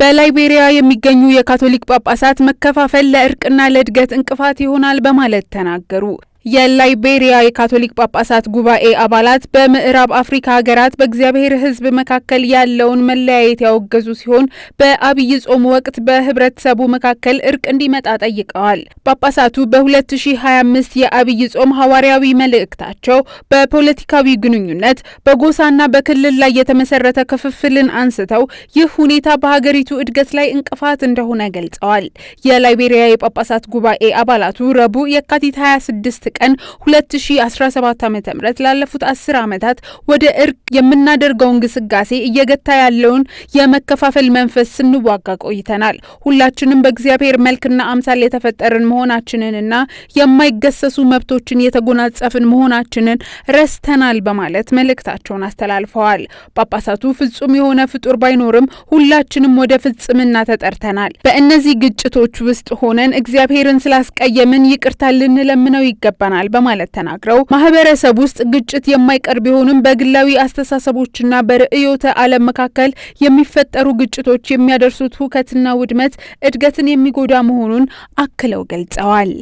በላይቤሪያ የሚገኙ የካቶሊክ ጳጳሳት መከፋፈል ለእርቅና ለእድገት እንቅፋት ይሆናል በማለት ተናገሩ። የላይቤሪያ የካቶሊክ ጳጳሳት ጉባኤ አባላት በምዕራብ አፍሪካ ሀገራት በእግዚአብሔር ሕዝብ መካከል ያለውን መለያየት ያወገዙ ሲሆን በአብይ ጾም ወቅት በህብረተሰቡ መካከል እርቅ እንዲመጣ ጠይቀዋል። ጳጳሳቱ በ2025 የአብይ ጾም ሐዋርያዊ መልእክታቸው በፖለቲካዊ ግንኙነት፣ በጎሳና በክልል ላይ የተመሰረተ ክፍፍልን አንስተው ይህ ሁኔታ በሀገሪቱ እድገት ላይ እንቅፋት እንደሆነ ገልጸዋል። የላይቤሪያ የጳጳሳት ጉባኤ አባላቱ ረቡዕ የካቲት 26 ቀን 2017 ዓ ም ላለፉት አስር ዓመታት ወደ እርቅ የምናደርገውን ግስጋሴ እየገታ ያለውን የመከፋፈል መንፈስ ስንዋጋ ቆይተናል። ሁላችንም በእግዚአብሔር መልክና አምሳል የተፈጠርን መሆናችንንና የማይገሰሱ መብቶችን የተጎናጸፍን መሆናችንን ረስተናል በማለት መልእክታቸውን አስተላልፈዋል። ጳጳሳቱ ፍጹም የሆነ ፍጡር ባይኖርም ሁላችንም ወደ ፍጽምና ተጠርተናል። በእነዚህ ግጭቶች ውስጥ ሆነን እግዚአብሔርን ስላስቀየምን ይቅርታ ልንለምነው ይገባል። ይገባናል በማለት ተናግረው ማህበረሰብ ውስጥ ግጭት የማይቀር ቢሆንም በግላዊ አስተሳሰቦችና በርዕዮተ ዓለም መካከል የሚፈጠሩ ግጭቶች የሚያደርሱት ሁከትና ውድመት እድገትን የሚጎዳ መሆኑን አክለው ገልጸዋል።